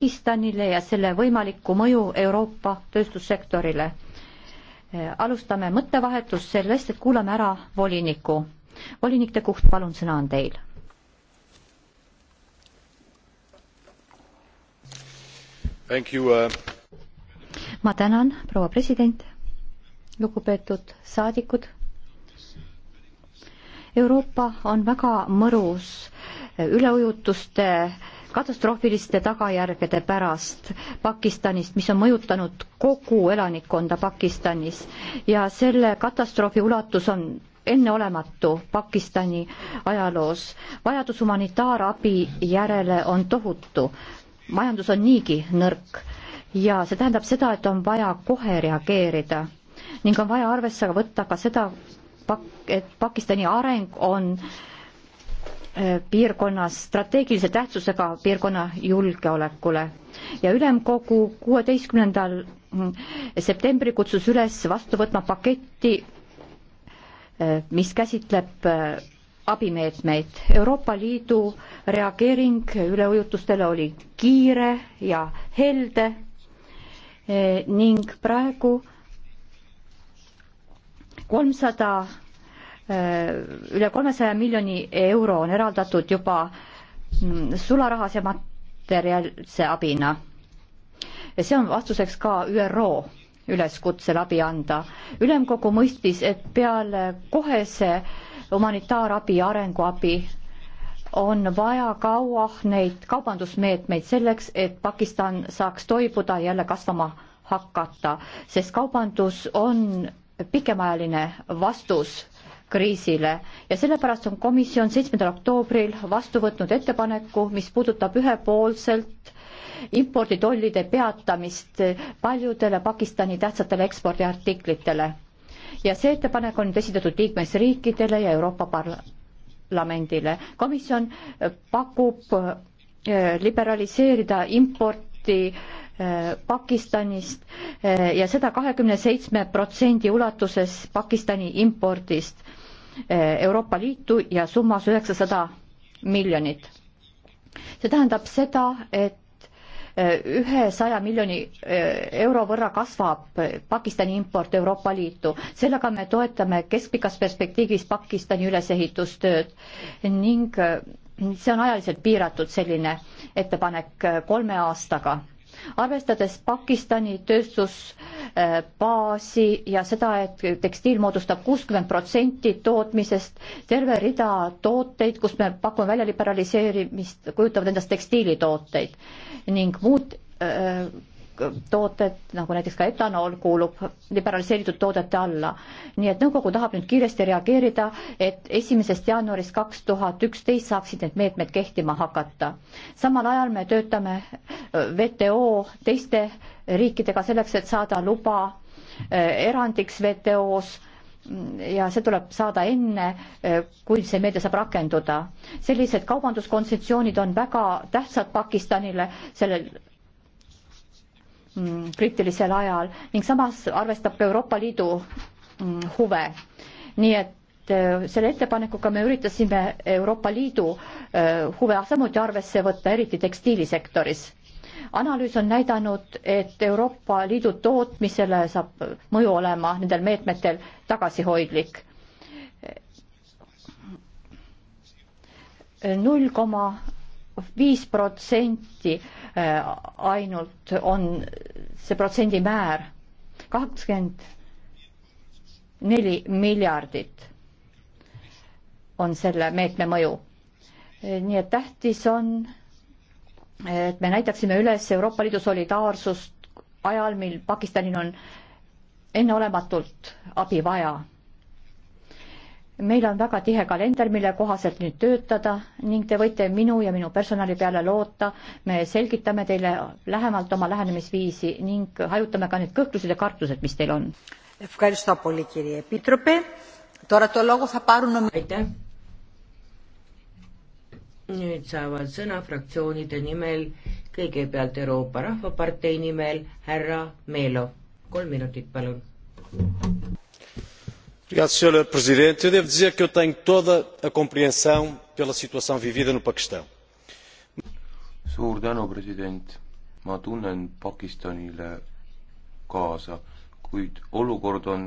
Pakistanile ja selle võimalikku mõju Euroopa tööstussektorile. alustame mõttevahetust sellest, et kuulame ära voliniku. volinik De Kuht, palun, sõna on teil. Uh... ma tänan, proua president, lugupeetud saadikud. Euroopa on väga mõrus üleujutuste äh, katastroofiliste tagajärgede pärast Pakistanist, mis on mõjutanud kogu elanikkonda Pakistanis ja selle katastroofi ulatus on enneolematu Pakistani ajaloos. vajadus humanitaarabi järele on tohutu. majandus on niigi nõrk ja see tähendab seda, et on vaja kohe reageerida ning on vaja arvesse võtta ka seda, et Pakistani areng on äh, piirkonnas strateegilise tähtsusega piirkonna julgeolekule ja ülemkogu kuueteistkümnendal septembri kutsus üles vastu võtma paketti, mis käsitleb äh, abimeetmeid. Euroopa Liidu reageering üleujutustele oli kiire ja helde äh, ning praegu kolmsada 300 üle kolmesaja miljoni euro on eraldatud juba mm, sularahas ja materjalse abina. see on vastuseks ka ÜRO üleskutsel abi anda. ülemkogu mõistis, et peale kohese humanitaarabi ja arenguabi on vaja kaua neid kaubandusmeetmeid selleks, et Pakistan saaks toibuda jälle kasvama hakata, sest kaubandus on pikemaajaline vastus kriisile ja sellepärast on komisjon seitsmendal oktoobril vastu võtnud ettepaneku, mis puudutab ühepoolselt imporditollide peatamist paljudele Pakistani tähtsatele ekspordiartiklitele. ja see ettepanek on nüüd esitatud liikmesriikidele ja Euroopa Parlamendile. komisjon pakub eh, liberaliseerida importi eh, Pakistanist eh, ja seda kahekümne seitsme protsendi ulatuses Pakistani impordist Eh, Euroopa Liitu ja summas üheksasada miljonit. see tähendab seda, et eh, ühesaja miljoni eh, euro võrra kasvab Pakistani import Euroopa Liitu. sellega me toetame keskpikas perspektiivis Pakistani ülesehitustööd ning see on ajaliselt piiratud, selline ettepanek kolme aastaga arvestades Pakistani tööstusbaasi ja seda, et tekstiil moodustab kuuskümmend protsenti tootmisest, terve rida tooteid, kus me pakume välja liberaliseerimist, kujutavad endast tekstiilitooteid ning muud öö, tooted, nagu näiteks ka etanool, kuulub liberaliseeritud toodete alla. nii et nõukogu tahab nüüd kiiresti reageerida, et esimesest jaanuarist kaks tuhat üksteist saaksid need meetmed kehtima hakata. samal ajal me töötame äh, WTO teiste riikidega selleks, et saada luba äh, erandiks WTO-s mm, ja see tuleb saada enne, äh, kui see meede saab rakenduda. sellised kaubanduskontsessioonid on väga tähtsad Pakistanile sellel Mm, kriitilisel ajal ning samas arvestab ka Euroopa Liidu mm, huve. nii et äh, selle ettepanekuga me üritasime Euroopa Liidu äh, huve samuti arvesse võtta, eriti tekstiilisektoris. analüüs on näidanud, et Euroopa Liidu tootmisele saab mõju olema nendel meetmetel tagasihoidlik. null koma viis protsenti äh, ainult on see protsendimäär, kakskümmend neli miljardit on selle meetme mõju. nii et tähtis on, et me näitaksime üles Euroopa Liidu solidaarsust ajal, mil Pakistanil on enneolematult abi vaja meil on väga tihe kalender, mille kohaselt nüüd töötada ning te võite minu ja minu personali peale loota. me selgitame teile lähemalt oma lähenemisviisi ning hajutame ka need kõhklused ja kartused, mis teil on. aitäh. nüüd saavad sõna fraktsioonide nimel, kõigepealt Euroopa Rahvapartei nimel härra Meelo. kolm minutit, palun senhora presidente eu devo dizer que eu tenho toda a compreensão pela situação vivida no paquistão. suur tänu president ma tunnen pakistanile kaasa kuid olukord on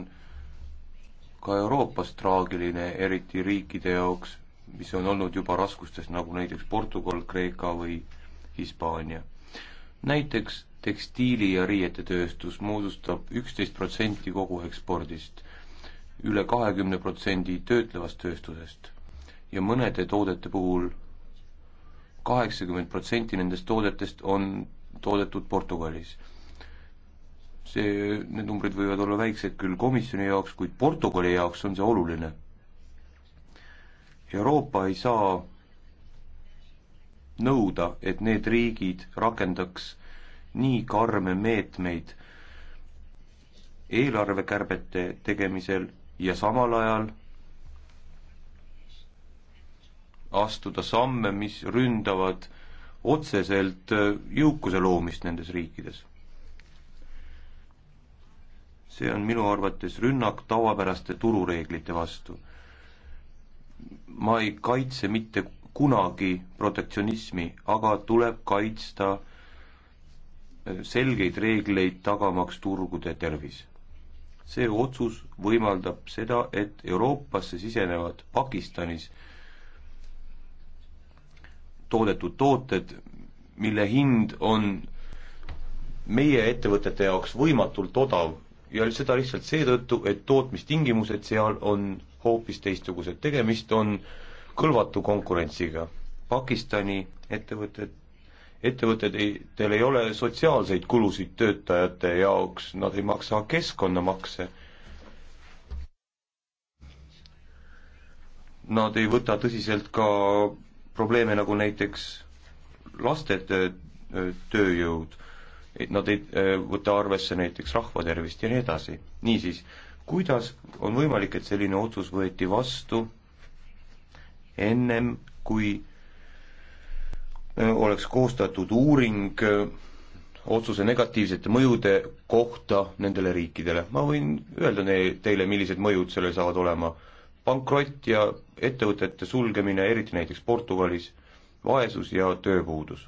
ka euroopas traagiline eriti riikide jaoks mis on olnud juba raskustes nagu näiteks portugal kreeka või hispaania näiteks tekstiili ja riietetööstus moodustab üksteist protsenti kogu ekspordist üle kahekümne protsendi töötlevast tööstusest ja mõnede toodete puhul kaheksakümmend protsenti nendest toodetest on toodetud Portugalis. see, need numbrid võivad olla väiksed küll komisjoni jaoks, kuid Portugali jaoks on see oluline. Euroopa ei saa nõuda, et need riigid rakendaks nii karme meetmeid eelarvekärbete tegemisel ja samal ajal astuda samme, mis ründavad otseselt äh, jõukuse loomist nendes riikides. see on minu arvates rünnak tavapäraste turureeglite vastu. ma ei kaitse mitte kunagi protektsionismi, aga tuleb kaitsta äh, selgeid reegleid, tagamaks turgude tervis see otsus võimaldab seda, et Euroopasse sisenevad Pakistanis toodetud tooted, mille hind on meie ettevõtete jaoks võimatult odav ja seda lihtsalt seetõttu, et tootmistingimused seal on hoopis teistsugused, tegemist on kõlvatu konkurentsiga. Pakistani ettevõtted ettevõtetel ei ole sotsiaalseid kulusid töötajate jaoks, nad ei maksa keskkonnamakse. Nad ei võta tõsiselt ka probleeme nagu näiteks laste töö, tööjõud, et nad ei võta arvesse näiteks rahvatervist ja nii edasi. niisiis, kuidas on võimalik, et selline otsus võeti vastu ennem, kui oleks koostatud uuring äh, otsuse negatiivsete mõjude kohta nendele riikidele. ma võin öelda teile, millised mõjud sellel saavad olema. pankrott ja ettevõtete sulgemine, eriti näiteks Portugalis, vaesus ja tööpuudus.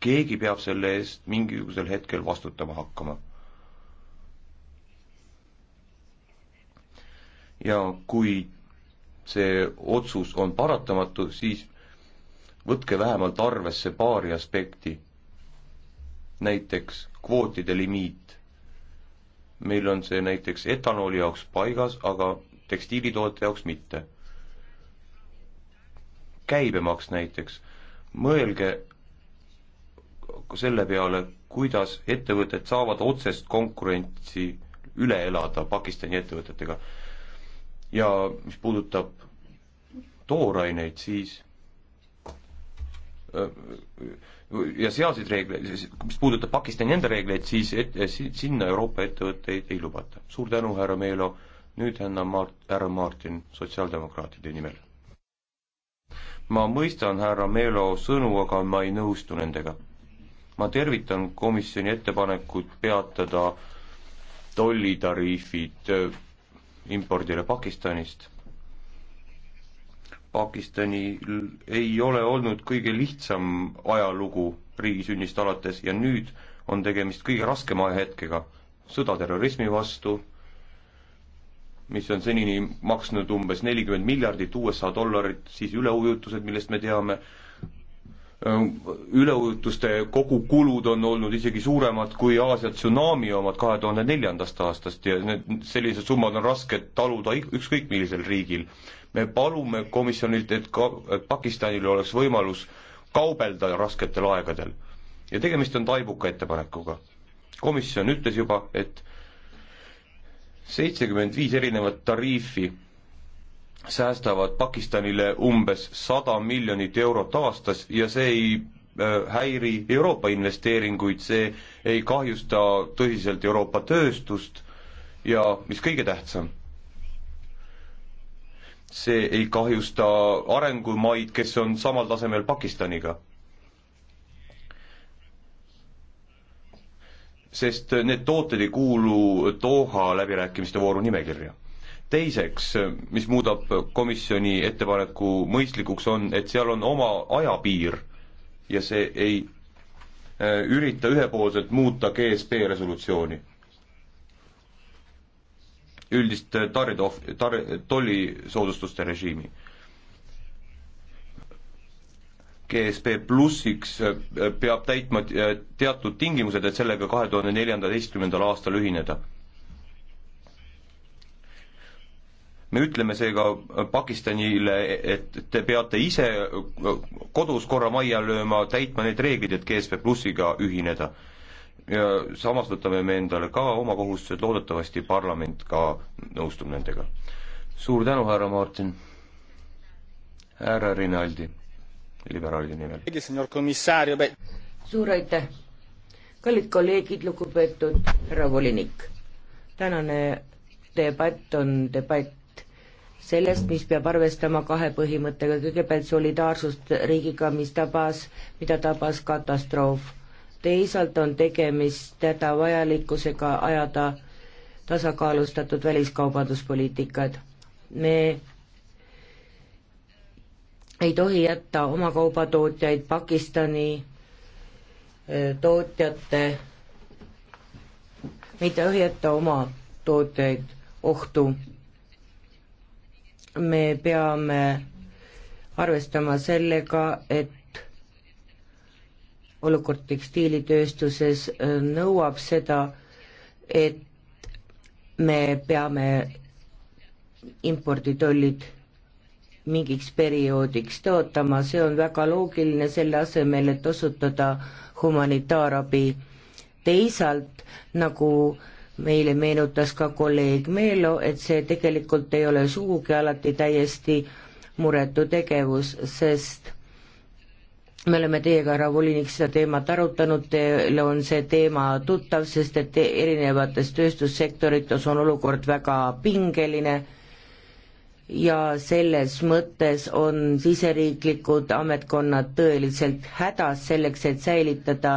keegi peab selle eest mingisugusel hetkel vastutama hakkama. ja kui see otsus on paratamatu, siis võtke vähemalt arvesse paari aspekti. näiteks kvootide limiit. meil on see näiteks etanooli jaoks paigas, aga tekstiilitoodete jaoks mitte. käibemaks näiteks, mõelge selle peale, kuidas ettevõtted saavad otsest konkurentsi üle elada Pakistani ettevõtetega ja mis puudutab tooraineid, siis äh, ja sealseid reegleid, mis puudutab Pakistani enda reegleid, siis et, äh, sinna Euroopa ettevõtteid ei lubata. suur tänu, härra Meelo, nüüd härra Mart-, härra Martin sotsiaaldemokraatide nimel. ma mõistan härra Meelo sõnu, aga ma ei nõustu nendega. ma tervitan komisjoni ettepanekut peatada tollitariifid äh, impordile Pakistanist. Pakistanil ei ole olnud kõige lihtsam ajalugu riigi sünnist alates ja nüüd on tegemist kõige raskema hetkega. sõda terrorismi vastu, mis on senini maksnud umbes nelikümmend miljardit USA dollarit, siis üleujutused, millest me teame, Äh, üleujutuste kogukulud on olnud isegi suuremad kui Aasia tsunami omad kahe tuhande neljandast aastast ja need, sellised summad on rasked taluda ükskõik millisel riigil. me palume komisjonilt, et ka et Pakistanil oleks võimalus kaubelda rasketel aegadel. ja tegemist on taibuka ettepanekuga. komisjon ütles juba, et seitsekümmend viis erinevat tariifi säästavad Pakistanile umbes sada miljonit eurot aastas ja see ei äh, häiri Euroopa investeeringuid, see ei kahjusta tõsiselt Euroopa tööstust ja mis kõige tähtsam, see ei kahjusta arengumaid, kes on samal tasemel Pakistaniga. sest need tooted ei kuulu Doha läbirääkimiste vooru nimekirja teiseks, mis muudab komisjoni ettepaneku mõistlikuks, on, et seal on oma ajapiir ja see ei äh, ürita ühepoolselt muuta GSP resolutsiooni. üldist äh, taritoh-, tar-, tollisoodustuste režiimi. GSP plussiks äh, peab täitma teatud tingimused, et sellega kahe tuhande neljandateistkümnendal aastal ühineda me ütleme seega Pakistanile, et te peate ise kodus korra majja lööma, täitma need reeglid, et GSP Plussiga ühineda. ja samas võtame me endale ka oma kohustused, loodetavasti parlament ka nõustub nendega. suur tänu, härra Martin. härra Rinaldi, liberaalide nimel. suur aitäh. kallid kolleegid, lugupeetud härra volinik, tänane debatt on debatt sellest, mis peab arvestama kahe põhimõttega, kõigepealt solidaarsust riigiga, mis tabas, mida tabas katastroof. teisalt on tegemist hädavajalikkusega ajada tasakaalustatud väliskaubanduspoliitikat. me ei tohi jätta oma kaubatootjaid Pakistani eh, tootjate, mitte jätta oma tooteid ohtu me peame arvestama sellega, et olukord tekstiilitööstuses äh, nõuab seda, et me peame imporditollid mingiks perioodiks tõotama, see on väga loogiline, selle asemel, et osutada humanitaarabi. teisalt, nagu äh, meile meenutas ka kolleeg Meelo, et see tegelikult ei ole sugugi alati täiesti muretu tegevus, sest me oleme teiega, härra volinik, seda teemat arutanud, teile on see teema tuttav, sest et erinevates tööstussektorites on olukord väga pingeline ja selles mõttes on siseriiklikud ametkonnad tõeliselt hädas selleks, et säilitada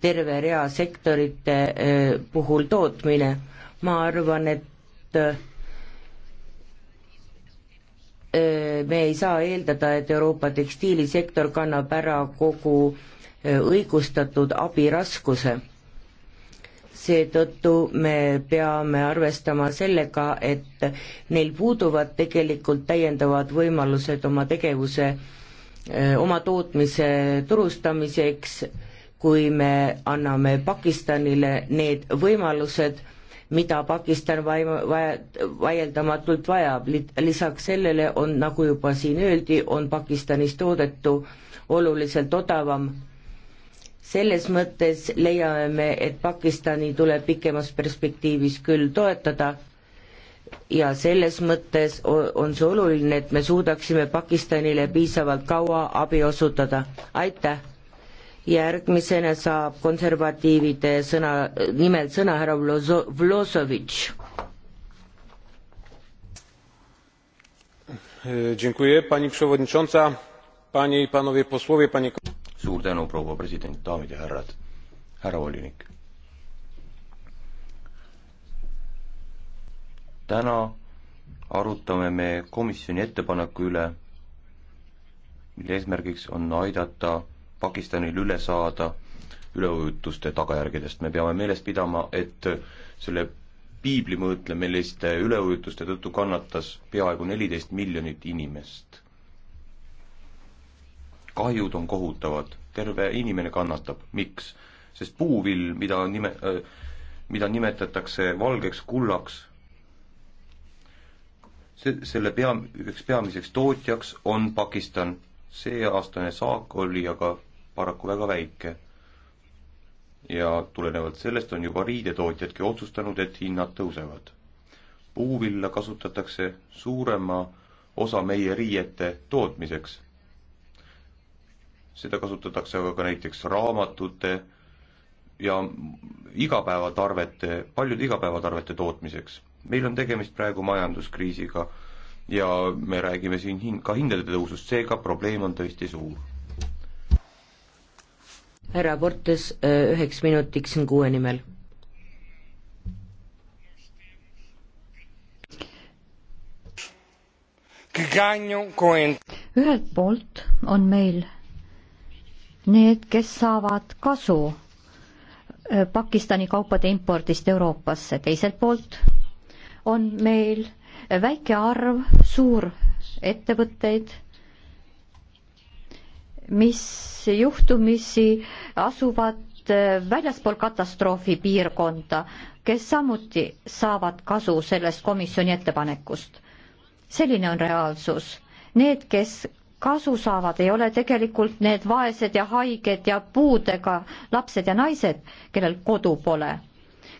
terve rea sektorite puhul tootmine. ma arvan, et me ei saa eeldada, et Euroopa tekstiilisektor kannab ära kogu õigustatud abiraskuse seetõttu me peame arvestama sellega, et neil puuduvad tegelikult täiendavad võimalused oma tegevuse, eh, oma tootmise turustamiseks, kui me anname Pakistanile need võimalused, mida Pakistan vaja, vaja, vaieldamatult vajab, lisaks sellele on, nagu juba siin öeldi, on Pakistanis toodetu oluliselt odavam selles mõttes leiame me, et Pakistani tuleb pikemas perspektiivis küll toetada ja selles mõttes on see oluline, et me suudaksime Pakistanile piisavalt kaua abi osutada. aitäh! järgmisena saab konservatiivide sõna, nimel sõna härra Vloso-, Vlosovitš. pani przewodnicząca, panie i panowie posłowie, panie suur tänu, proua president, daamid ja härrad, härra volinik. täna arutame me komisjoni ettepaneku üle, mille eesmärgiks on aidata Pakistanil üle saada üleujutuste tagajärgedest. me peame meeles pidama, et selle piiblimõõtlemeliste üleujutuste tõttu kannatas peaaegu neliteist miljonit inimest. kahjud on kohutavad terve inimene kannatab, miks? sest puuvill, mida nime, äh, mida nimetatakse valgeks kullaks, see, selle pea, üheks peamiseks tootjaks on Pakistan. seeaastane saak oli aga paraku väga väike. ja tulenevalt sellest on juba riidetootjadki otsustanud, et hinnad tõusevad. puuvilla kasutatakse suurema osa meie riiete tootmiseks seda kasutatakse aga ka näiteks raamatute ja igapäevatarvete, paljude igapäevatarvete tootmiseks. meil on tegemist praegu majanduskriisiga ja me räägime siin hin-, ka hindade tõusust, seega probleem on tõesti suur. härra Portes, äh, üheks minutiks on kuue nimel. ühelt poolt on meil need, kes saavad kasu äh, Pakistani kaupade impordist Euroopasse, teiselt poolt on meil väike arv suurettevõtteid, mis juhtumisi asuvad äh, väljaspool katastroofi piirkonda, kes samuti saavad kasu sellest komisjoni ettepanekust. selline on reaalsus. Need, kes kasu saavad, ei ole tegelikult need vaesed ja haiged ja puudega lapsed ja naised, kellel kodu pole.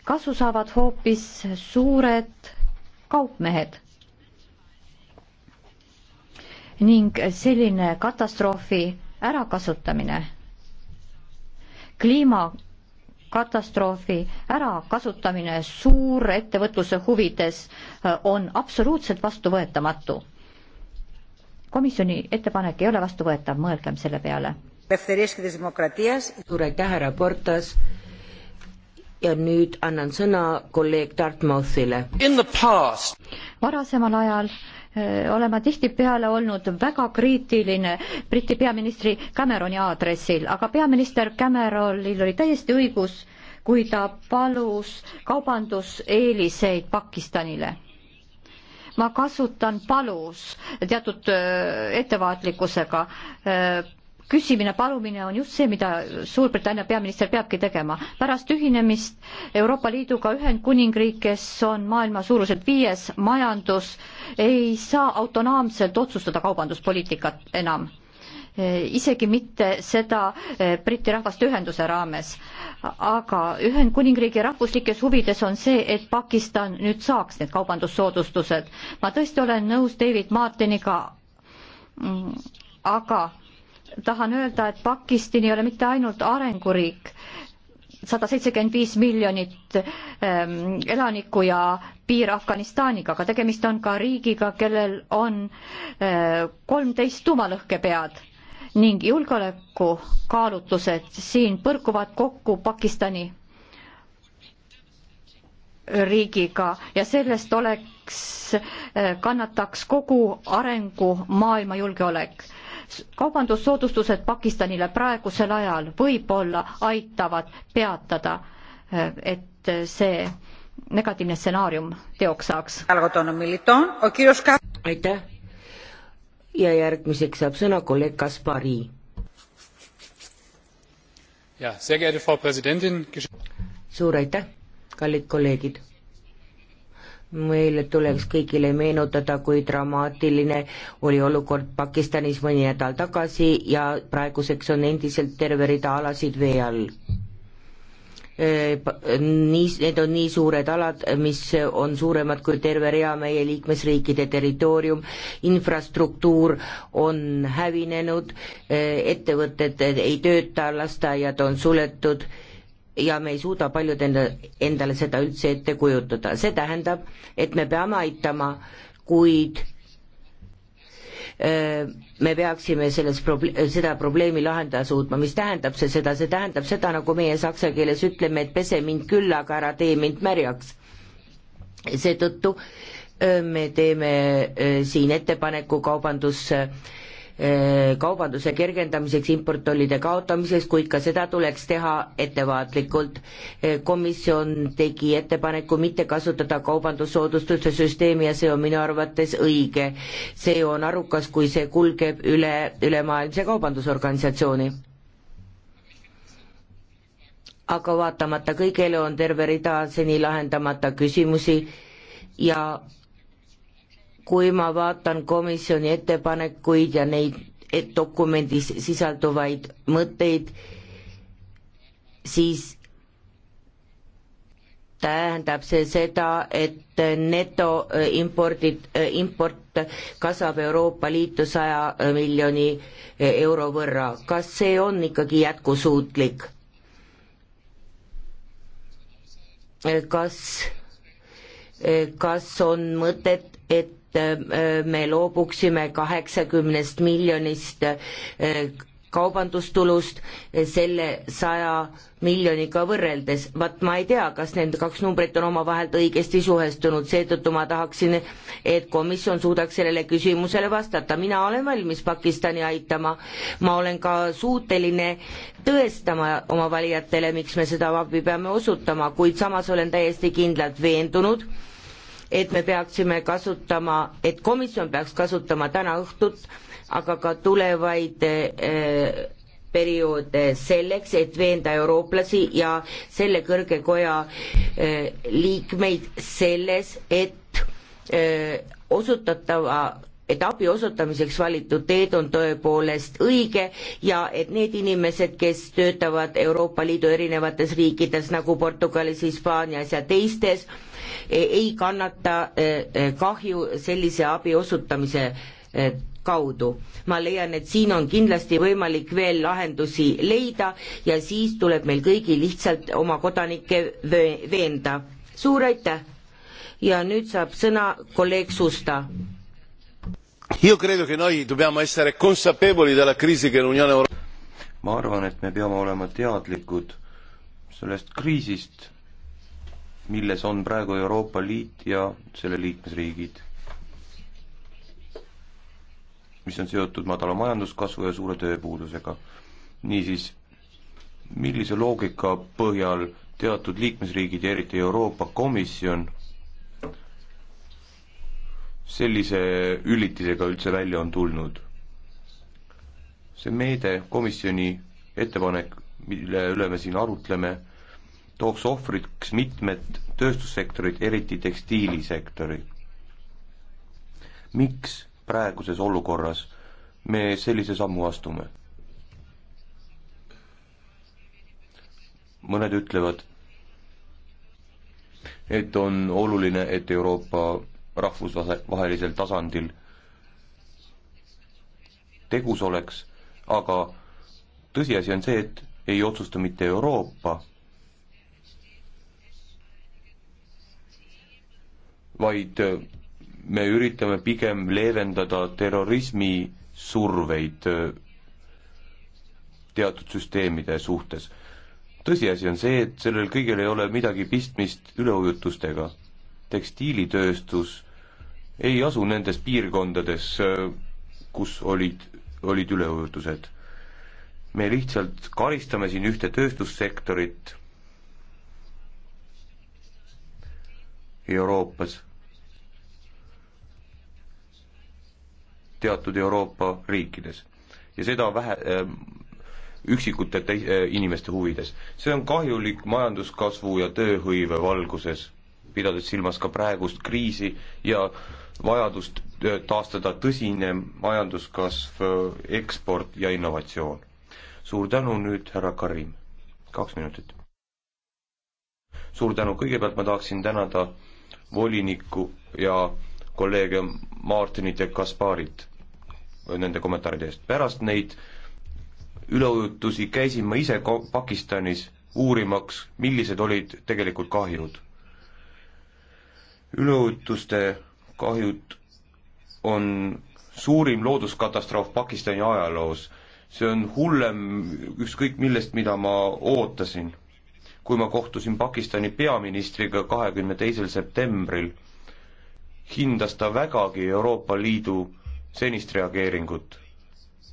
kasu saavad hoopis suured kaupmehed. ning selline katastroofi ärakasutamine, kliimakatastroofi ärakasutamine suurettevõtluse huvides äh, on absoluutselt vastuvõetamatu komisjoni ettepanek ei ole vastuvõetav, mõelgem selle peale. suur aitäh, härra Portas. ja nüüd annan sõna kolleeg Dartmouthile. varasemal ajal eh, olen ma tihtipeale olnud väga kriitiline Briti peaministri Cameroni aadressil, aga peaminister Cameronil oli täiesti õigus, kui ta palus kaubanduseeliseid Pakistanile ma kasutan palus teatud äh, ettevaatlikkusega. Äh, küsimine, palumine on just see, mida Suurbritannia peaminister peabki tegema. pärast ühinemist Euroopa Liiduga Ühendkuningriik, kes on maailma suuruselt viies majandus, ei saa autonoomselt otsustada kaubanduspoliitikat enam Eh, isegi mitte seda eh, Briti rahvaste ühenduse raames. aga Ühendkuningriigi rahvuslikes huvides on see, et Pakistan nüüd saaks need kaubandussoodustused. ma tõesti olen nõus David Martiniga, mm, aga tahan öelda, et Pakistan ei ole mitte ainult arenguriik, sada seitsekümmend viis miljonit ähm, elanikku ja piir Afganistaniga, aga tegemist on ka riigiga, kellel on eh, kolmteist äh, tuumalõhkepead ning julgeolekukaalutlused siin põrkuvad kokku Pakistani riigiga ja sellest oleks, eh, kannataks kogu arengumaailma julgeolek. kaubandussoodustused Pakistanile praegusel ajal võib-olla aitavad peatada, eh, et see negatiivne stsenaarium teoks saaks. aitäh ja järgmiseks saab sõna kolleeg Kaspari. suur aitäh, kallid kolleegid. meile tuleks kõigile meenutada, kui dramaatiline oli olukord Pakistanis mõni nädal tagasi ja praeguseks on endiselt terve rida alasid vee all Eh, nii, need on nii suured alad, mis on suuremad kui terve rea meie liikmesriikide territoorium, infrastruktuur on hävinenud, eh, ettevõtted ei tööta, lasteaiad on suletud ja me ei suuda paljud enda, endale seda üldse ette kujutada, see tähendab, et me peame aitama, kuid Äh, me peaksime selles proble-, seda probleemi lahendada suutma, mis tähendab see seda, see tähendab seda, nagu meie saksa keeles ütleme, et pese mind küll, aga ära tee mind märjaks. seetõttu äh, me teeme äh, siin ettepaneku kaubandus- Eh, kaubanduse kergendamiseks, importtollide kaotamiseks, kuid ka seda tuleks teha ettevaatlikult. Eh, komisjon tegi ettepaneku mitte kasutada kaubandussoodustuste süsteemi ja see on minu arvates õige. see on arukas, kui see kulgeb üle, ülemaailmse kaubandusorganisatsiooni aga vaatamata kõigele on terve rida seni lahendamata küsimusi ja kui ma vaatan komisjoni ettepanekuid ja neid et dokumendis sisalduvaid mõtteid, siis tähendab see seda, et netoimpordid, äh, äh, import kasvab Euroopa Liitu saja äh, miljoni euro võrra. kas see on ikkagi jätkusuutlik? kas, kas on mõtet, et Äh, me loobuksime kaheksakümnest miljonist äh, kaubandustulust äh, selle saja miljoniga võrreldes. vaat ma ei tea, kas need kaks numbrit on omavahel õigesti suhestunud, seetõttu ma tahaksin, et komisjon suudaks sellele küsimusele vastata. mina olen valmis Pakistani aitama, ma olen ka suuteline tõestama oma valijatele, miks me seda abi peame osutama, kuid samas olen täiesti kindlalt veendunud, et me peaksime kasutama, et komisjon peaks kasutama täna õhtut, aga ka tulevaid eh, periood selleks, et veenda eurooplasi ja selle kõrge koja eh, liikmeid selles, et eh, osutatava, et abi osutamiseks valitud teed on tõepoolest õige ja et need inimesed, kes töötavad Euroopa Liidu erinevates riikides nagu Portugalis, Hispaanias ja teistes, E, ei kannata e, e, kahju sellise abi osutamise kaudu. ma leian, et siin on kindlasti võimalik veel lahendusi leida ja siis tuleb meil kõigil lihtsalt oma kodanikke veenda. suur aitäh! ja nüüd saab sõna kolleeg Susta. Io credo che noi dobbiamo essere consapevoli della crisi che l'Unione Europea ma arvan, et me peame olema teadlikud sellest kriisist, milles on praegu Euroopa Liit ja selle liikmesriigid, mis on seotud madala majanduskasvu ja suure tööpuudusega. niisiis, millise loogika põhjal teatud liikmesriigid ja eriti Euroopa Komisjon sellise ülitisega üldse välja on tulnud. see meede, komisjoni ettepanek, mille üle me siin arutleme, tooks ohvriks mitmed tööstussektorid, eriti tekstiilisektori. miks praeguses olukorras me sellise sammu astume? mõned ütlevad, et on oluline, et Euroopa rahvusvahelisel tasandil tegus oleks, aga tõsiasi on see, et ei otsusta mitte Euroopa, vaid äh, me üritame pigem leevendada terrorismi surveid äh, teatud süsteemide suhtes. tõsiasi on see, et sellel kõigil ei ole midagi pistmist üleujutustega. tekstiilitööstus ei asu nendes piirkondades, äh, kus olid, olid üleujutused. me lihtsalt karistame siin ühte tööstussektorit Euroopas teatud Euroopa riikides. ja seda vähe äh, üksikute te-, äh, inimeste huvides. see on kahjulik majanduskasvu ja tööhõive valguses, pidades silmas ka praegust kriisi ja vajadust äh, taastada tõsine majanduskasv, eksport ja innovatsioon. suur tänu nüüd, härra Karim, kaks minutit. suur tänu, kõigepealt ma tahaksin tänada volinikku ja kolleege Martinit ja Kasparit nende kommentaaride eest. pärast neid üleujutusi käisin ma ise ka Pakistanis uurimaks, millised olid tegelikult kahjud. üleujutuste kahjud on suurim looduskatastroof Pakistani ajaloos. see on hullem ükskõik millest, mida ma ootasin. kui ma kohtusin Pakistani peaministriga kahekümne teisel septembril, hindas ta vägagi Euroopa Liidu senist reageeringut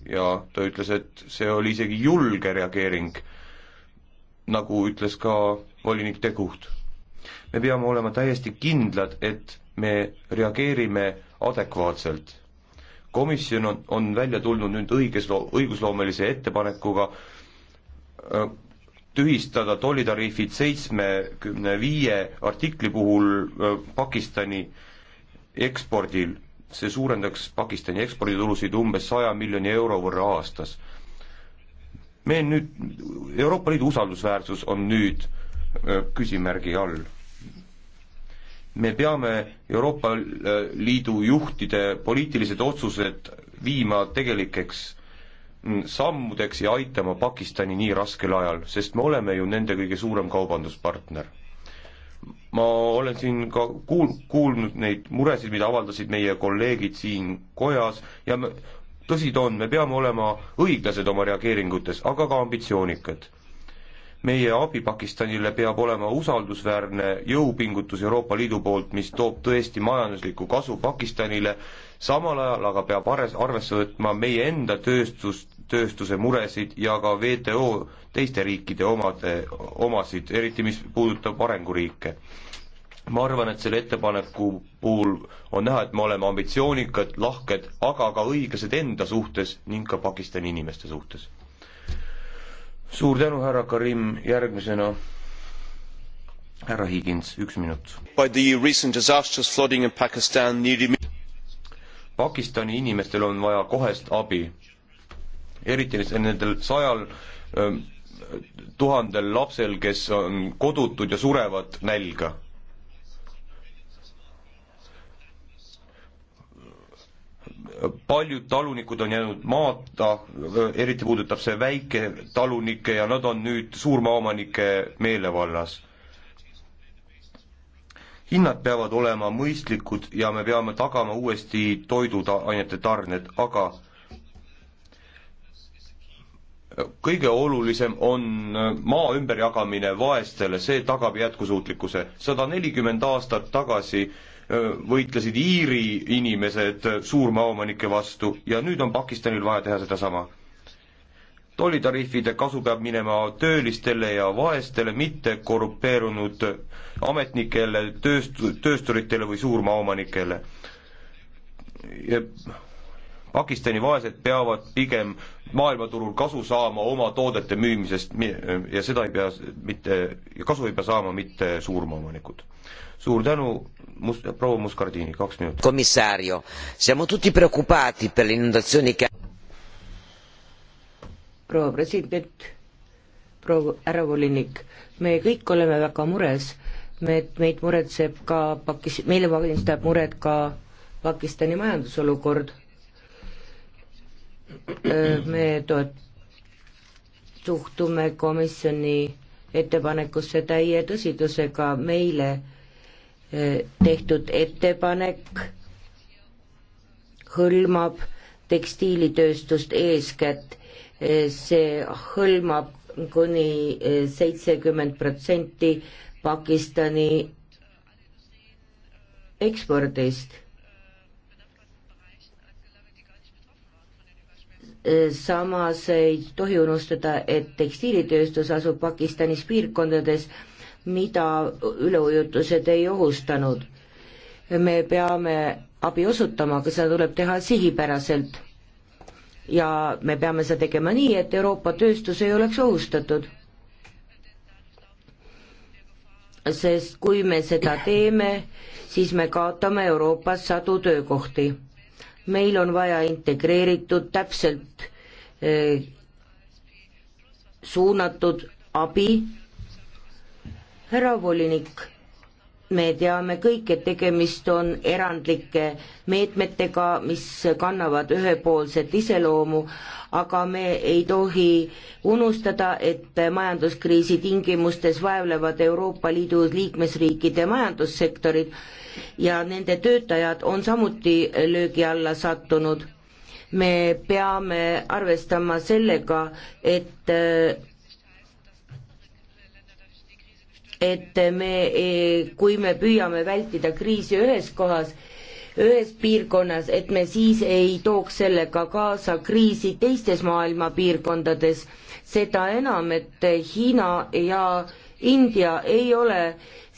ja ta ütles, et see oli isegi julge reageering, nagu ütles ka volinik De Gucht. me peame olema täiesti kindlad, et me reageerime adekvaatselt. komisjon on, on välja tulnud nüüd õiges loo-, õigusloomelise ettepanekuga äh, tühistada tollitariifid seitsmekümne viie artikli puhul äh, Pakistani ekspordil see suurendaks Pakistani eksporditulusid umbes saja miljoni euro võrra aastas. me nüüd, Euroopa Liidu usaldusväärsus on nüüd küsimärgi all. me peame Euroopa Liidu juhtide poliitilised otsused viima tegelikeks mm, sammudeks ja aitama Pakistani nii raskel ajal, sest me oleme ju nende kõige suurem kaubanduspartner ma olen siin ka kuul-, kuulnud neid muresid, mida avaldasid meie kolleegid siin kojas ja me, tõsi ta on, me peame olema õiglased oma reageeringutes, aga ka ambitsioonikad. meie abi Pakistanile peab olema usaldusväärne jõupingutus Euroopa Liidu poolt, mis toob tõesti majanduslikku kasu Pakistanile, samal ajal aga peab arves, arvesse võtma meie enda tööstust tööstuse muresid ja ka WTO teiste riikide omade, omasid, eriti mis puudutab arenguriike. ma arvan, et selle ettepaneku puhul on näha, et me oleme ambitsioonikad, lahked, aga ka õiglased enda suhtes ning ka Pakistani inimeste suhtes. suur tänu, härra Karim, järgmisena härra Higins, üks minut. By the recent disastrous flooding in Pakistan nearly Pakistani inimestel on vaja kohest abi eriti nendel sajal tuhandel lapsel, kes on kodutud ja surevad nälga. paljud talunikud on jäänud maata, eriti puudutab see väiketalunikke ja nad on nüüd suurmaaomanike meelevallas. hinnad peavad olema mõistlikud ja me peame tagama uuesti toiduainete tarned, aga kõige olulisem on äh, maa ümberjagamine vaestele, see tagab jätkusuutlikkuse. sada nelikümmend aastat tagasi äh, võitlesid Iiri inimesed äh, suurmaaomanike vastu ja nüüd on Pakistanil vaja teha sedasama. tollitariifide kasu peab minema töölistele ja vaestele, mitte korrupeerunud ametnikele, tööst-, töösturitele või suurmaaomanikele. Pakistani vaesed peavad pigem maailmaturul kasu saama oma toodete müümisest ja seda ei pea mitte, kasu ei pea saama mitte suurmaaomanikud. suur tänu, must-, proua Muscardini, kaks minutit. Commissario, siamo tutti preoccupati per le inundazioni che proua president, proua härra volinik, me kõik oleme väga mures, me, meid muretseb ka Pakis-, meile valmistab muret ka Pakistani majandusolukord me toet-, suhtume komisjoni ettepanekusse täie tõsidusega, meile tehtud ettepanek hõlmab tekstiilitööstust eeskätt, see hõlmab kuni seitsekümmend protsenti Pakistani ekspordist samas ei tohi unustada, et tekstiilitööstus asub Pakistanis piirkondades, mida üleujutused ei ohustanud. me peame abi osutama, aga seda tuleb teha sihipäraselt. ja me peame seda tegema nii, et Euroopa tööstus ei oleks ohustatud. sest kui me seda teeme, siis me kaotame Euroopas sadu töökohti meil on vaja integreeritud, täpselt eh, suunatud abi. härra volinik me teame kõik, et tegemist on erandlike meetmetega, mis kannavad ühepoolset iseloomu, aga me ei tohi unustada, et majanduskriisi tingimustes vaevlevad Euroopa Liidu liikmesriikide majandussektorid ja nende töötajad on samuti löögi alla sattunud. me peame arvestama sellega, et et me, kui me püüame vältida kriisi ühes kohas, ühes piirkonnas, et me siis ei tooks sellega kaasa kriisi teistes maailma piirkondades, seda enam, et Hiina ja India ei ole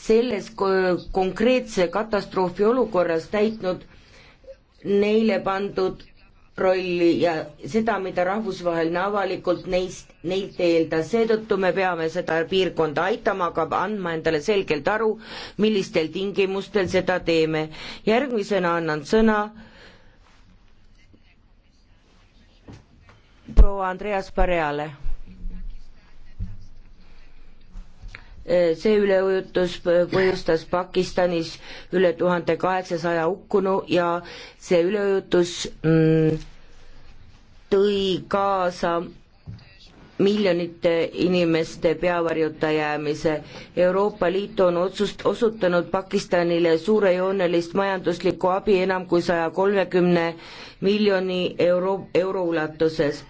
selles konkreetse katastroofi olukorras täitnud neile pandud rolli ja seda, mida rahvusvaheline avalikult neist, neilt eeldas, seetõttu me peame seda piirkonda aitama, aga andma endale selgelt aru, millistel tingimustel seda teeme. järgmisena annan sõna proua Andreas Pareale. see üleujutus põhjustas Pakistanis üle tuhande kaheksasaja hukkunu ja see üleujutus mm, tõi kaasa miljonite inimeste peavarjuta jäämise. Euroopa Liit on otsust, osutanud Pakistanile suurejoonelist majanduslikku abi enam kui saja kolmekümne miljoni euro, euro ulatuses.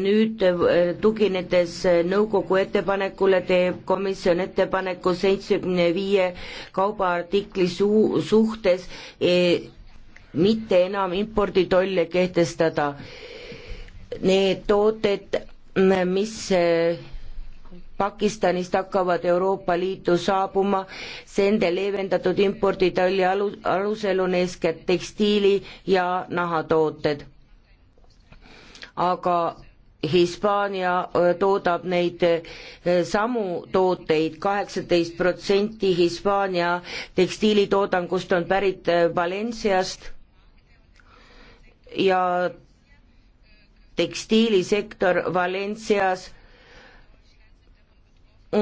nüüd eh, tuginedes nõukogu ettepanekule, teeb komisjon ettepaneku seitsmekümne viie kaubaartikli suu-, suhtes e mitte enam imporditolle kehtestada. Need tooted, mis eh, Pakistanist hakkavad Euroopa Liitu saabuma, nende leevendatud imporditolli alu-, alusel on eeskätt tekstiili- ja nahatooted. aga Hispaania eh, toodab neid eh, samu tooteid, kaheksateist protsenti Hispaania tekstiilitoodangust on pärit Valenciast ja tekstiilisektor Valencias äh,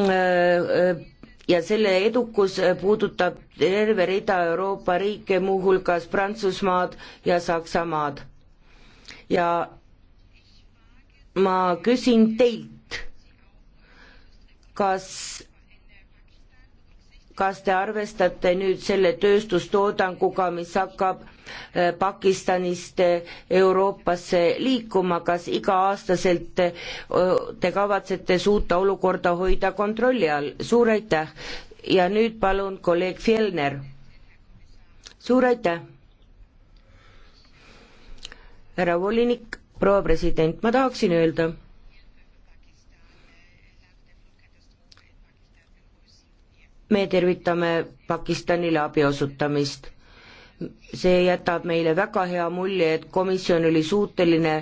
ja selle edukus puudutab terve rida Euroopa riike, muuhulgas Prantsusmaad ja Saksamaad. ja ma küsin teilt, kas, kas te arvestate nüüd selle tööstustoodanguga, mis hakkab Äh, Pakistanist äh, Euroopasse liikuma, kas iga-aastaselt äh, te kavatsete suuta olukorda hoida kontrolli all, suur aitäh. ja nüüd palun kolleeg Fjellner. suur aitäh. härra volinik, proua president, ma tahaksin öelda me tervitame Pakistanile abi osutamist see jätab meile väga hea mulje, et komisjon oli suuteline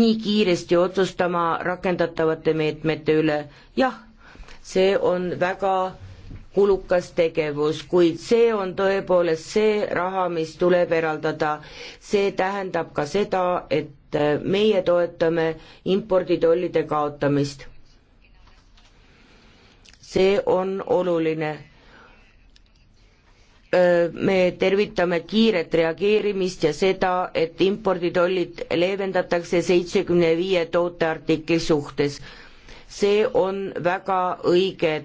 nii kiiresti otsustama rakendatavate meetmete üle. jah, see on väga kulukas tegevus, kuid see on tõepoolest see raha, mis tuleb eraldada. see tähendab ka seda, et meie toetame imporditollide kaotamist. see on oluline me tervitame kiiret reageerimist ja seda, et imporditollid leevendatakse seitsekümne viie tooteartikli suhtes. see on väga õige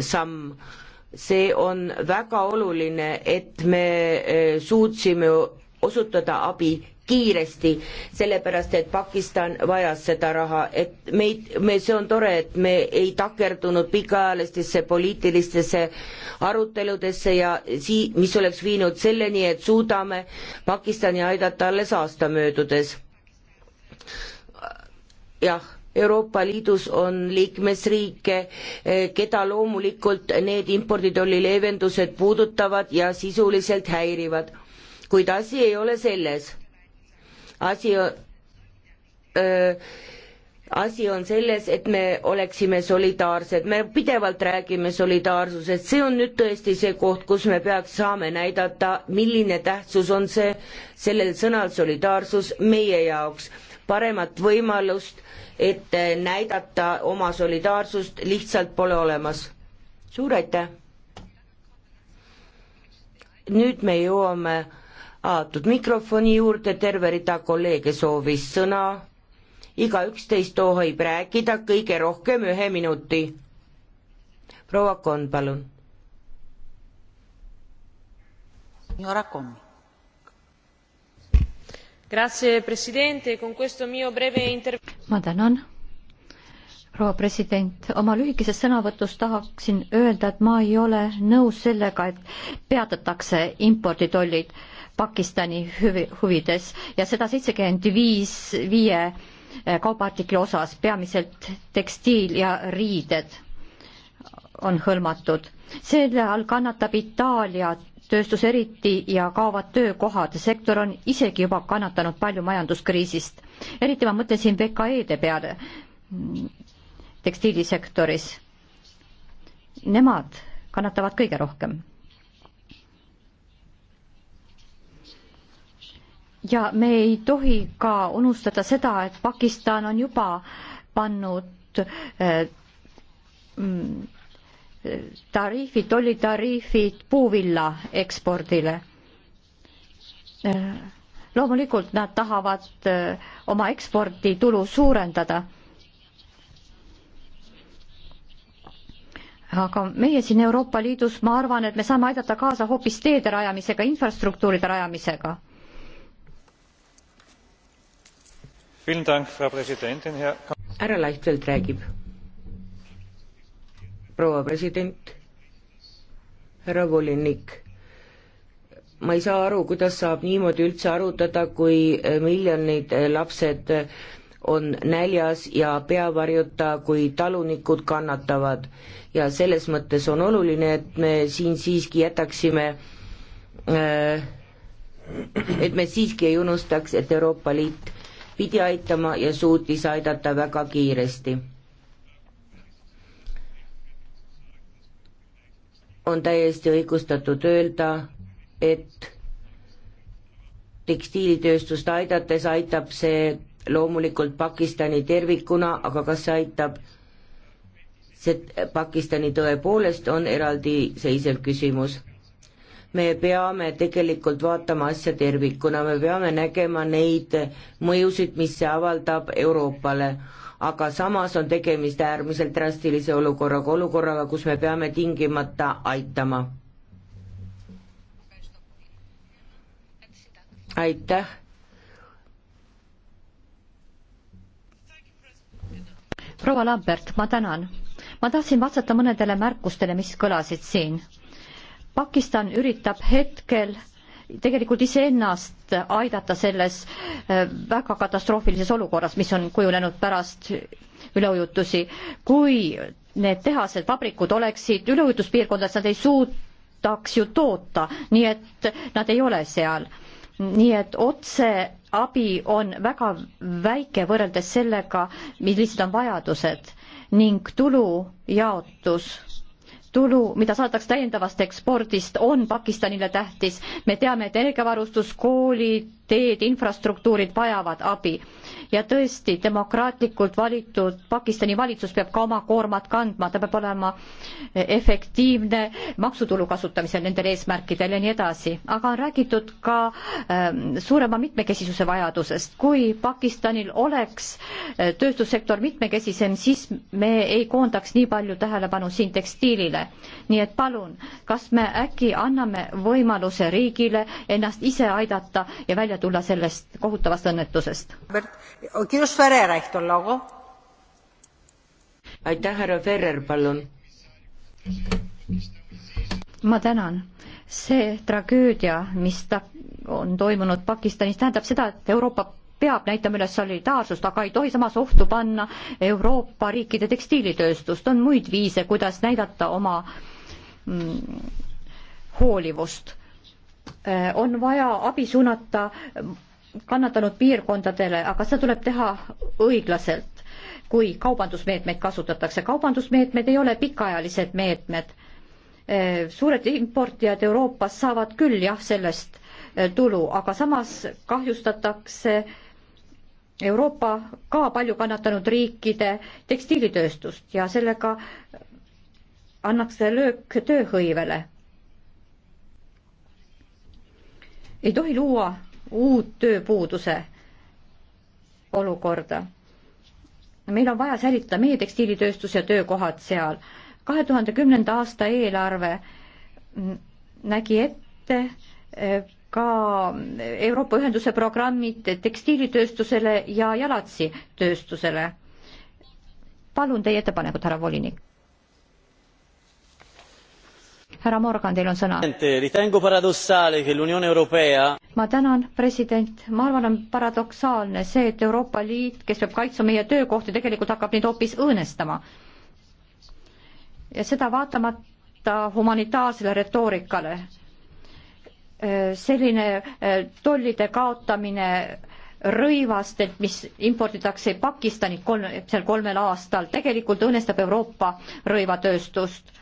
samm. see on väga oluline, et me suutsime osutada abi kiiresti, sellepärast et Pakistan vajas seda raha, et meid, me, see on tore, et me ei takerdunud pikaajalistesse poliitilistesse aruteludesse ja sii-, mis oleks viinud selleni, et suudame Pakistani aidata alles aasta möödudes. jah, Euroopa Liidus on liikmesriike, eh, keda loomulikult need imporditolli leevendused puudutavad ja sisuliselt häirivad kuid asi ei ole selles asi öö, asi on selles, et me oleksime solidaarsed, me pidevalt räägime solidaarsusest, see on nüüd tõesti see koht, kus me peaks, saame näidata, milline tähtsus on see, sellel sõnal solidaarsus meie jaoks. paremat võimalust, et näidata oma solidaarsust lihtsalt pole olemas. suur aitäh! nüüd me jõuame avatud mikrofoni juurde, terve rida kolleege soovis sõna, igaüks teist tohib rääkida kõige rohkem ühe minuti. proua Konn, palun. ma tänan proua president, oma lühikeses sõnavõtus tahaksin öelda, et ma ei ole nõus sellega, et peatatakse imporditollid Pakistani huvides ja seda seitsekümmend viis viie eh, kaubaartikli osas, peamiselt tekstiil ja riided on hõlmatud. selle all kannatab Itaalia tööstus eriti ja kaovad töökohad, sektor on isegi juba kannatanud palju majanduskriisist. eriti ma mõtlesin VKE-de peale mm, tekstiilisektoris. Nemad kannatavad kõige rohkem ja me ei tohi ka unustada seda, et Pakistan on juba pannud eh, mm, tariifid, tollitariifid puuvilla ekspordile. Eh, loomulikult nad tahavad eh, oma eksporditulu suurendada. aga meie siin Euroopa Liidus, ma arvan, et me saame aidata kaasa hoopis teede rajamisega, infrastruktuuride rajamisega härra Leichtfeld räägib. proua president, härra volinik ma ei saa aru, kuidas saab niimoodi üldse arutada, kui miljonid lapsed on näljas ja peavarjuta, kui talunikud kannatavad. ja selles mõttes on oluline, et me siin siiski jätaksime, äh, et me siiski ei unustaks, et Euroopa Liit pidi aitama ja suutis aidata väga kiiresti. on täiesti õigustatud öelda, et tekstiilitööstust aidates aitab see loomulikult Pakistani tervikuna, aga kas see aitab see Pakistani tõepoolest on eraldiseisev küsimus me peame tegelikult vaatama asja tervikuna, me peame nägema neid mõjusid, mis see avaldab Euroopale. aga samas on tegemist äärmiselt drastilise olukorraga, olukorraga, kus me peame tingimata aitama. aitäh. proua Lambert, ma tänan. ma tahtsin vastata mõnedele märkustele, mis kõlasid siin Pakistan üritab hetkel tegelikult iseennast aidata selles äh, väga katastroofilises olukorras, mis on kujunenud pärast üleujutusi. kui need tehased, vabrikud oleksid üleujutuspiirkondades, nad ei suudaks ju toota, nii et nad ei ole seal. nii et otseabi on väga väike võrreldes sellega, millised on vajadused ning tulujaotus tulu, mida saadakse täiendavast ekspordist, on Pakistanile tähtis. me teame, et energiavarustus, koolid, teed, infrastruktuurid vajavad abi. ja tõesti, demokraatlikult valitud Pakistani valitsus peab ka oma koormat kandma, ta peab olema efektiivne maksutulu kasutamisel nendel eesmärkidel ja nii edasi. aga on räägitud ka äh, suurema mitmekesisuse vajadusest. kui Pakistanil oleks äh, tööstussektor mitmekesisem, siis me ei koondaks nii palju tähelepanu siin tekstiilile. nii et palun, kas me äkki anname võimaluse riigile ennast ise aidata ja välja üle tulla sellest kohutavast õnnetusest. aitäh, härra Ferrer, palun. ma tänan. see tragöödia, mis ta on toimunud Pakistanis, tähendab seda, et Euroopa peab näitama üles solidaarsust, aga ei tohi samas ohtu panna Euroopa riikide tekstiilitööstust, on muid viise, kuidas näidata oma mm, hoolivust. Äh, on vaja abi suunata kannatanud piirkondadele, aga seda tuleb teha õiglaselt, kui kaubandusmeetmeid kasutatakse. kaubandusmeetmed ei ole pikaajalised meetmed. Äh, suured importijad Euroopas saavad küll jah, sellest äh, tulu, aga samas kahjustatakse Euroopa ka palju kannatanud riikide tekstiilitööstust ja sellega annaks löök tööhõivele ei tohi luua uut tööpuuduse olukorda. meil on vaja säilitada meie tekstiilitööstus ja töökohad seal. kahe tuhande kümnenda aasta eelarve nägi ette eh, ka Euroopa Ühenduse programmid tekstiilitööstusele ja jalatsitööstusele. palun teie ettepanekut, härra volinik härra Morgan, teil on sõna. ma tänan, president, ma arvan, on paradoksaalne see, et Euroopa Liit, kes peab kaitsma meie töökohti, tegelikult hakkab neid hoopis õõnestama. ja seda vaatamata humanitaarsele retoorikale. selline eh, tollide kaotamine rõivastelt, mis imporditakse Pakistani kolm, seal kolmel aastal, tegelikult õõnestab Euroopa rõivatööstust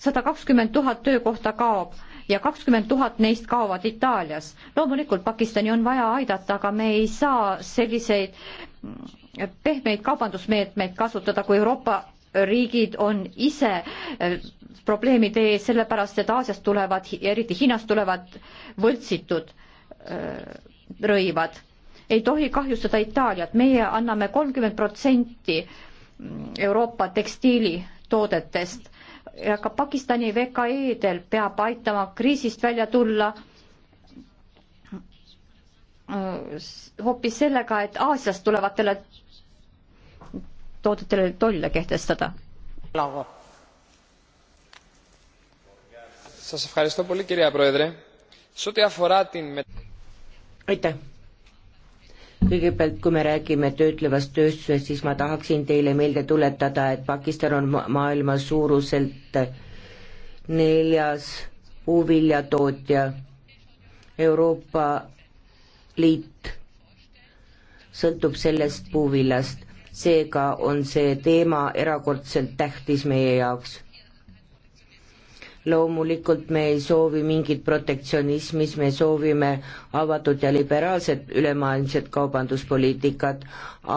sada kakskümmend tuhat töökohta kaob ja kakskümmend tuhat neist kaovad Itaalias. loomulikult Pakistani on vaja aidata, aga me ei saa selliseid pehmeid kaubandusmeetmeid kasutada, kui Euroopa riigid on ise eh, probleemide ees, sellepärast et Aasiast tulevad, eriti Hiinast tulevad võltsitud eh, rõivad. ei tohi kahjustada Itaaliat, meie anname kolmkümmend protsenti mm, Euroopa tekstiilitoodetest ja ka Pakistani VKE-del peab aitama kriisist välja tulla äh, hoopis sellega, et Aasiast tulevatele toodetele tolle kehtestada. aitäh kõigepealt, kui me räägime töötlevast tööstusest, siis ma tahaksin teile meelde tuletada, et Pakistan on maailma suuruselt neljas puuviljatootja. Euroopa Liit sõltub sellest puuviljast, seega on see teema erakordselt tähtis meie jaoks loomulikult me ei soovi mingit protektsionismis, me soovime avatud ja liberaalset ülemaailmset kaubanduspoliitikat,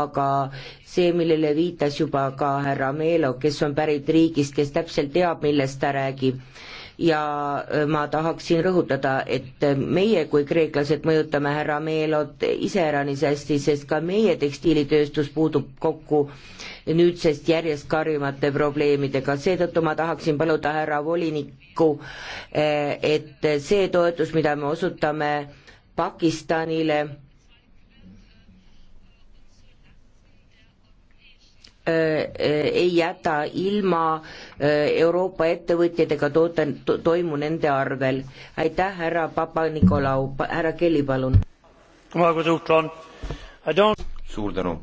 aga see, millele viitas juba ka härra Meelo, kes on pärit riigist, kes täpselt teab, millest ta räägib ja äh, ma tahaksin rõhutada, et äh, meie kui kreeklased mõjutame härra Meelot iseäranis hästi, sest ka meie tekstiilitööstus puudub kokku nüüdsest järjest karmimate probleemidega, seetõttu ma tahaksin paluda härra volinikku, äh, et see toetus, mida me osutame Pakistanile, Äh, ei jäta ilma äh, Euroopa ettevõtjad ega toote, toimu nende arvel. aitäh, härra Papa-Nikolau, härra Kelly, palun. suur tänu.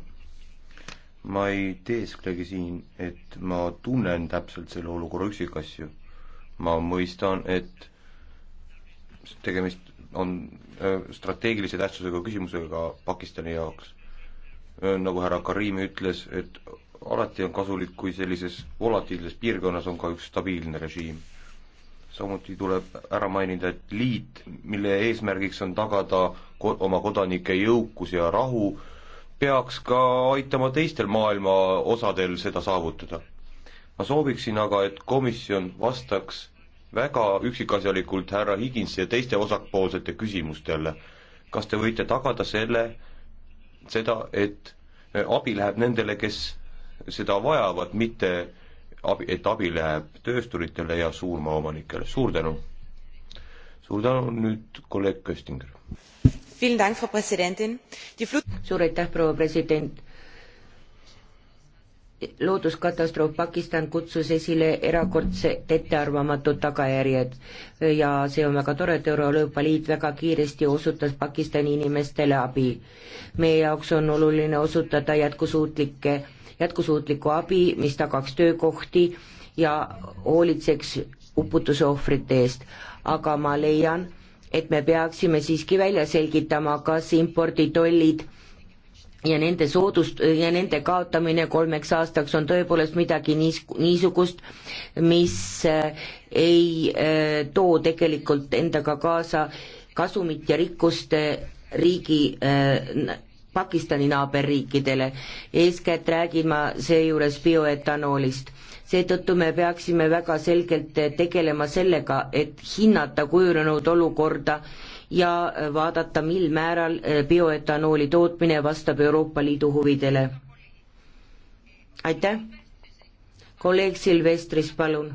ma ei teesklegi siin, et ma tunnen täpselt selle olukorra üksikasju. ma mõistan, et tegemist on äh, strateegilise tähtsusega küsimusega Pakistani jaoks nagu härra Karim ütles, et alati on kasulik, kui sellises volatiilses piirkonnas on ka üks stabiilne režiim. samuti tuleb ära mainida, et liit, mille eesmärgiks on tagada ko-, oma kodanike jõukus ja rahu, peaks ka aitama teistel maailma osadel seda saavutada. ma sooviksin aga, et komisjon vastaks väga üksikasjalikult härra Higinsi ja teiste osakpoolsete küsimustele. kas te võite tagada selle, seda, et abi läheb nendele, kes seda vajavad, mitte abi, et abi läheb töösturitele ja suurmaaomanikele. suur tänu! suur tänu, nüüd kolleeg Köstinger. suur aitäh, proua president! looduskatastroof Pakistan kutsus esile erakordset ettearvamatud tagajärjed ja see on väga tore, et Euroopa Liit väga kiiresti osutas Pakistani inimestele abi. meie jaoks on oluline osutada jätkusuutlikke jätkusuutlikku abi, mis tagaks töökohti ja hoolitseks uputuse ohvrite eest. aga ma leian, et me peaksime siiski välja selgitama, kas imporditollid ja nende soodust- ja nende kaotamine kolmeks aastaks on tõepoolest midagi niis-, niisugust, mis äh, ei äh, too tegelikult endaga kaasa kasumit ja rikkust äh, riigi Pakistani naaberriikidele. eeskätt räägin ma seejuures bioetanoolist. seetõttu me peaksime väga selgelt tegelema sellega, et hinnata kujunenud olukorda ja vaadata, mil määral eh, bioetanooli tootmine vastab Euroopa Liidu huvidele. aitäh. kolleeg Silvestris, palun.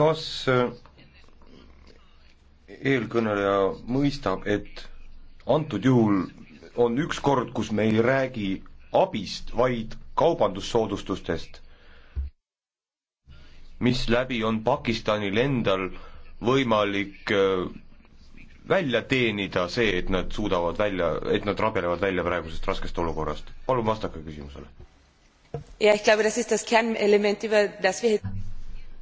kas äh, eelkõneleja mõistab, et antud juhul on üks kord, kus me ei räägi abist, vaid kaubandussoodustustest, mis läbi on Pakistanil endal võimalik äh, välja teenida see, et nad suudavad välja, et nad rabelevad välja praegusest raskest olukorrast. palun vastake küsimusele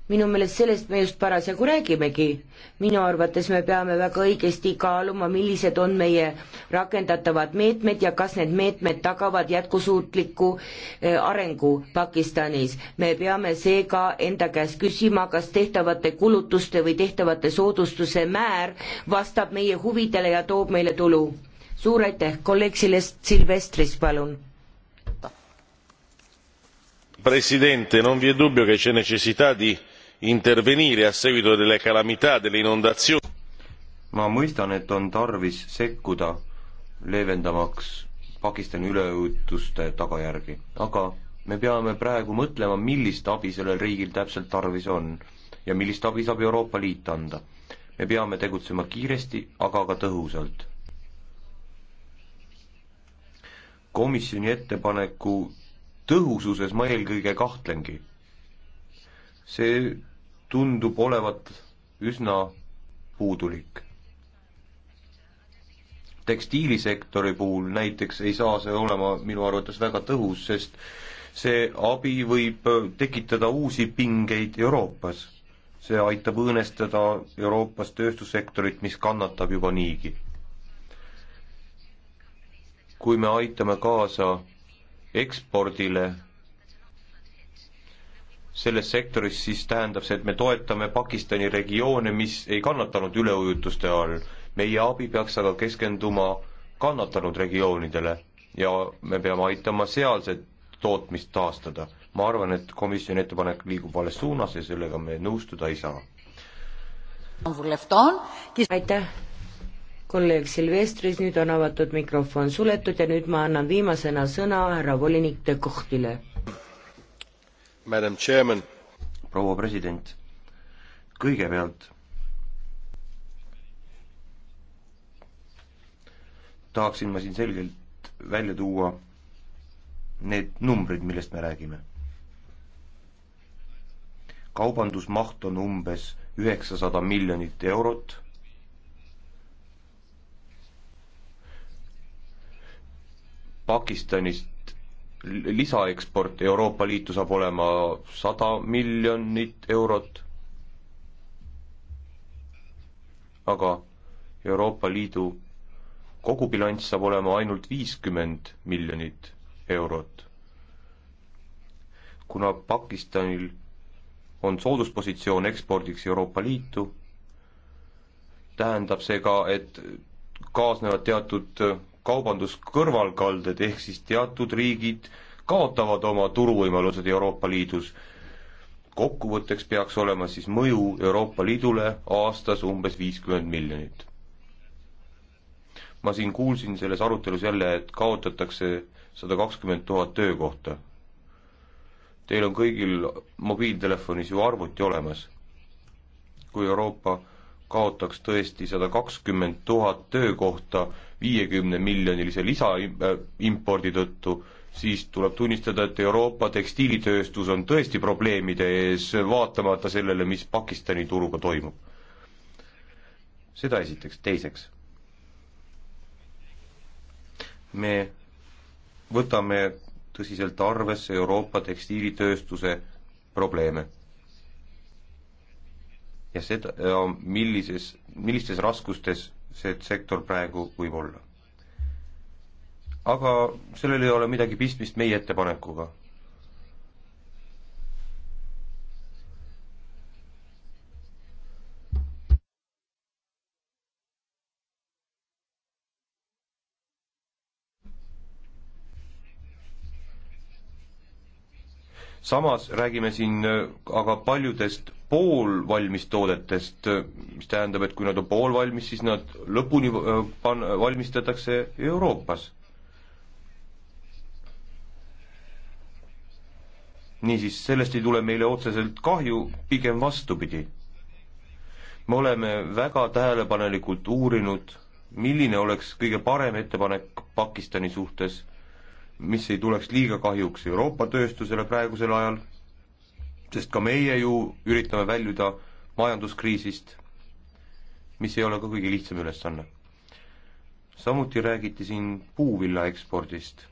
minu meelest sellest me just parasjagu räägimegi. minu arvates me peame väga õigesti kaaluma, millised on meie rakendatavad meetmed ja kas need meetmed tagavad jätkusuutliku eh, arengu Pakistanis. me peame seega enda käest küsima, kas tehtavate kulutuste või tehtavate soodustuse määr vastab meie huvidele ja toob meile tulu. suur aitäh, kolleeg Silvestris, palun presidente non vi è dubbio che c'è necessità di intervenire a seguito delle calamità, delle inondazioni. ma mõistan, et on tarvis sekkuda, leevendamaks Pakistani üleujutuste tagajärgi, aga me peame praegu mõtlema, millist abi sellel riigil täpselt tarvis on ja millist abi saab Euroopa Liit anda. me peame tegutsema kiiresti, aga ka tõhusalt. komisjoni ettepaneku tõhususes ma eelkõige kahtlengi. see tundub olevat üsna puudulik. tekstiilisektori puhul näiteks ei saa see olema minu arvates väga tõhus, sest see abi võib tekitada uusi pingeid Euroopas. see aitab õõnestada Euroopas tööstussektorit, mis kannatab juba niigi. kui me aitame kaasa ekspordile selles sektoris, siis tähendab see, et me toetame Pakistani regioone, mis ei kannatanud üleujutuste all. meie abi peaks aga keskenduma kannatanud regioonidele ja me peame aitama sealset tootmist taastada. ma arvan, et komisjoni ettepanek liigub vales suunas ja sellega me nõustuda ei saa. aitäh, kolleeg Silvestris, nüüd on avatud mikrofon suletud ja nüüd ma annan viimasena sõna härra volinik De Kohtile proua president, kõigepealt tahaksin ma siin selgelt välja tuua need numbrid, millest me räägime. kaubandusmaht on umbes üheksasada miljonit eurot Pakistanist lisaeksport Euroopa Liitu saab olema sada miljonit eurot, aga Euroopa Liidu kogubilanss saab olema ainult viiskümmend miljonit eurot. kuna Pakistanil on sooduspositsioon ekspordiks Euroopa Liitu, tähendab see ka, et kaasnevad teatud kaubanduskõrvalkalded, ehk siis teatud riigid kaotavad oma turuvõimalused Euroopa Liidus. kokkuvõtteks peaks olema siis mõju Euroopa Liidule aastas umbes viiskümmend miljonit. ma siin kuulsin selles arutelus jälle, et kaotatakse sada kakskümmend tuhat töökohta. Teil on kõigil mobiiltelefonis ju arvuti olemas. kui Euroopa kaotaks tõesti sada kakskümmend tuhat töökohta viiekümne miljonilise lisaimpordi äh, tõttu, siis tuleb tunnistada, et Euroopa tekstiilitööstus on tõesti probleemide ees, vaatamata sellele, mis Pakistani turuga toimub. seda esiteks, teiseks. me võtame tõsiselt arvesse Euroopa tekstiilitööstuse probleeme ja seda, millises, millistes raskustes see sektor praegu võib olla. aga sellel ei ole midagi pistmist meie ettepanekuga. samas räägime siin äh, aga paljudest poolvalmis toodetest, äh, mis tähendab, et kui nad on poolvalmis, siis nad lõpuni äh, pan-, valmistatakse Euroopas. niisiis, sellest ei tule meile otseselt kahju, pigem vastupidi. me oleme väga tähelepanelikult uurinud, milline oleks kõige parem ettepanek Pakistani suhtes mis ei tuleks liiga kahjuks Euroopa tööstusele praegusel ajal, sest ka meie ju üritame väljuda majanduskriisist, mis ei ole ka kõige lihtsam ülesanne. samuti räägiti siin puuvilla ekspordist.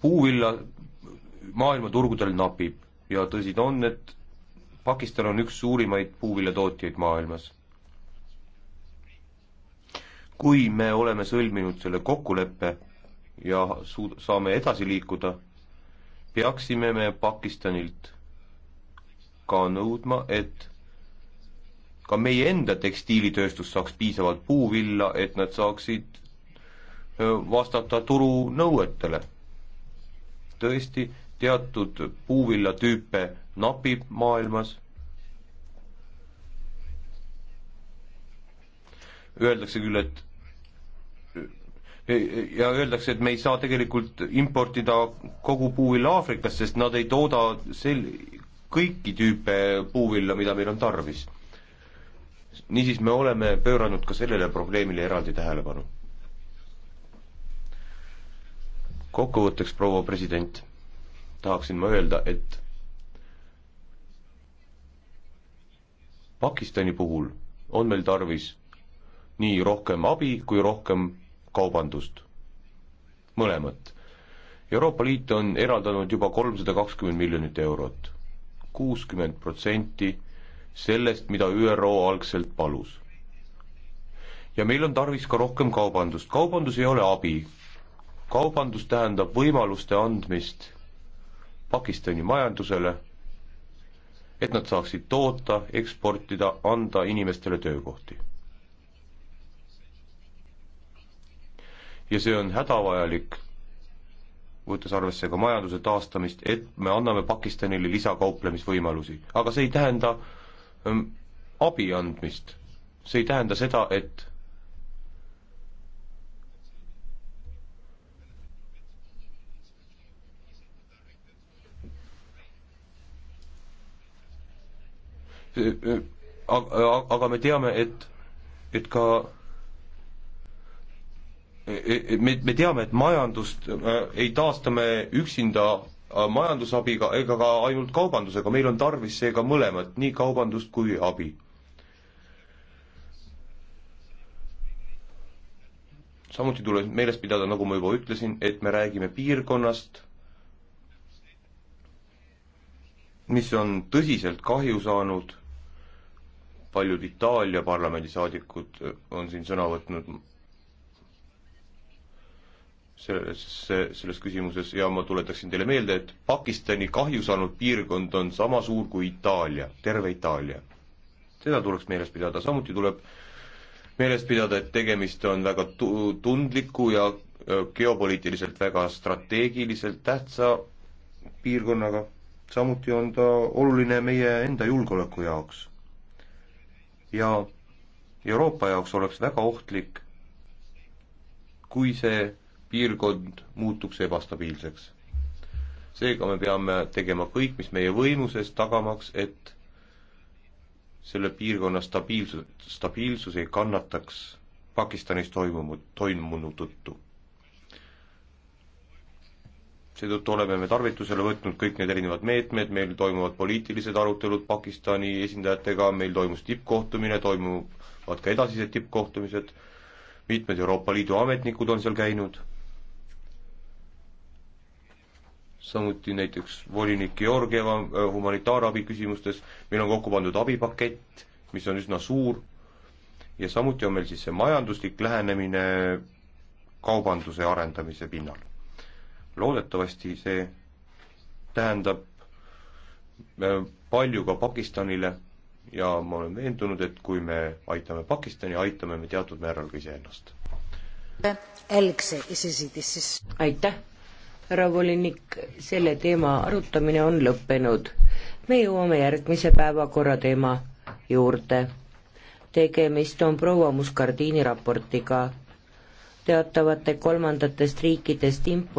puuvilla maailmaturgudel napib ja tõsi ta on, et Pakistan on üks suurimaid puuviljatootjaid maailmas kui me oleme sõlminud selle kokkuleppe ja suud-, saame edasi liikuda, peaksime me Pakistanilt ka nõudma, et ka meie enda tekstiilitööstus saaks piisavalt puuvilla, et nad saaksid vastata turu nõuetele. tõesti, teatud puuvillatüüpe napib maailmas. Öeldakse küll, et ja öeldakse, et me ei saa tegelikult importida kogu puuvilja Aafrikast, sest nad ei tooda sel-, kõiki tüüpe puuvilla, mida meil on tarvis. niisiis, me oleme pööranud ka sellele probleemile eraldi tähelepanu. kokkuvõtteks, proua president, tahaksin ma öelda, et Pakistani puhul on meil tarvis nii rohkem abi kui rohkem kaubandust, mõlemat. Euroopa Liit on eraldanud juba kolmsada kakskümmend miljonit eurot, kuuskümmend protsenti sellest, mida ÜRO algselt palus. ja meil on tarvis ka rohkem kaubandust, kaubandus ei ole abi. kaubandus tähendab võimaluste andmist Pakistani majandusele, et nad saaksid toota, eksportida, anda inimestele töökohti ja see on hädavajalik, võttes arvesse ka majanduse taastamist, et me anname Pakistanile lisakauplemisvõimalusi. aga see ei tähenda ähm, abi andmist, see ei tähenda seda, et äh, äh, aga, aga me teame, et, et ka me, me teame, et majandust äh, ei taasta me üksinda äh, majandusabiga ega ka ainult kaubandusega, meil on tarvis seega mõlemat, nii kaubandust kui abi. samuti tuleb meeles pidada, nagu ma juba ütlesin, et me räägime piirkonnast, mis on tõsiselt kahju saanud, paljud Itaalia parlamendisaadikud äh, on siin sõna võtnud, selles, selles küsimuses ja ma tuletaksin teile meelde, et Pakistani kahju saanud piirkond on sama suur kui Itaalia, terve Itaalia. seda tuleks meeles pidada, samuti tuleb meeles pidada, et tegemist on väga tu-, tundliku ja geopoliitiliselt väga strateegiliselt tähtsa piirkonnaga, samuti on ta oluline meie enda julgeoleku jaoks. ja Euroopa jaoks oleks väga ohtlik, kui see piirkond muutuks ebastabiilseks. seega me peame tegema kõik, mis meie võimuses, tagamaks, et selle piirkonna stabiilsus, stabiilsus ei kannataks Pakistanis toimunud, toimunu tõttu. seetõttu oleme me tarvitusele võtnud kõik need erinevad meetmed, meil toimuvad poliitilised arutelud Pakistani esindajatega, meil toimus tippkohtumine, toimuvad ka edasised tippkohtumised, mitmed Euroopa Liidu ametnikud on seal käinud samuti näiteks volinik Georgieva äh, humanitaarabi küsimustes, meil on kokku pandud abipakett, mis on üsna suur, ja samuti on meil siis see majanduslik lähenemine kaubanduse arendamise pinnal. loodetavasti see tähendab äh, palju ka Pakistanile ja ma olen veendunud, et kui me aitame Pakistani, aitame me teatud määral ka iseennast. aitäh! härra volinik, selle teema arutamine on lõppenud. me jõuame järgmise päevakorrateema juurde. tegemist on proua Muskardiini raportiga teatavate kolmandatest riikidest imp-.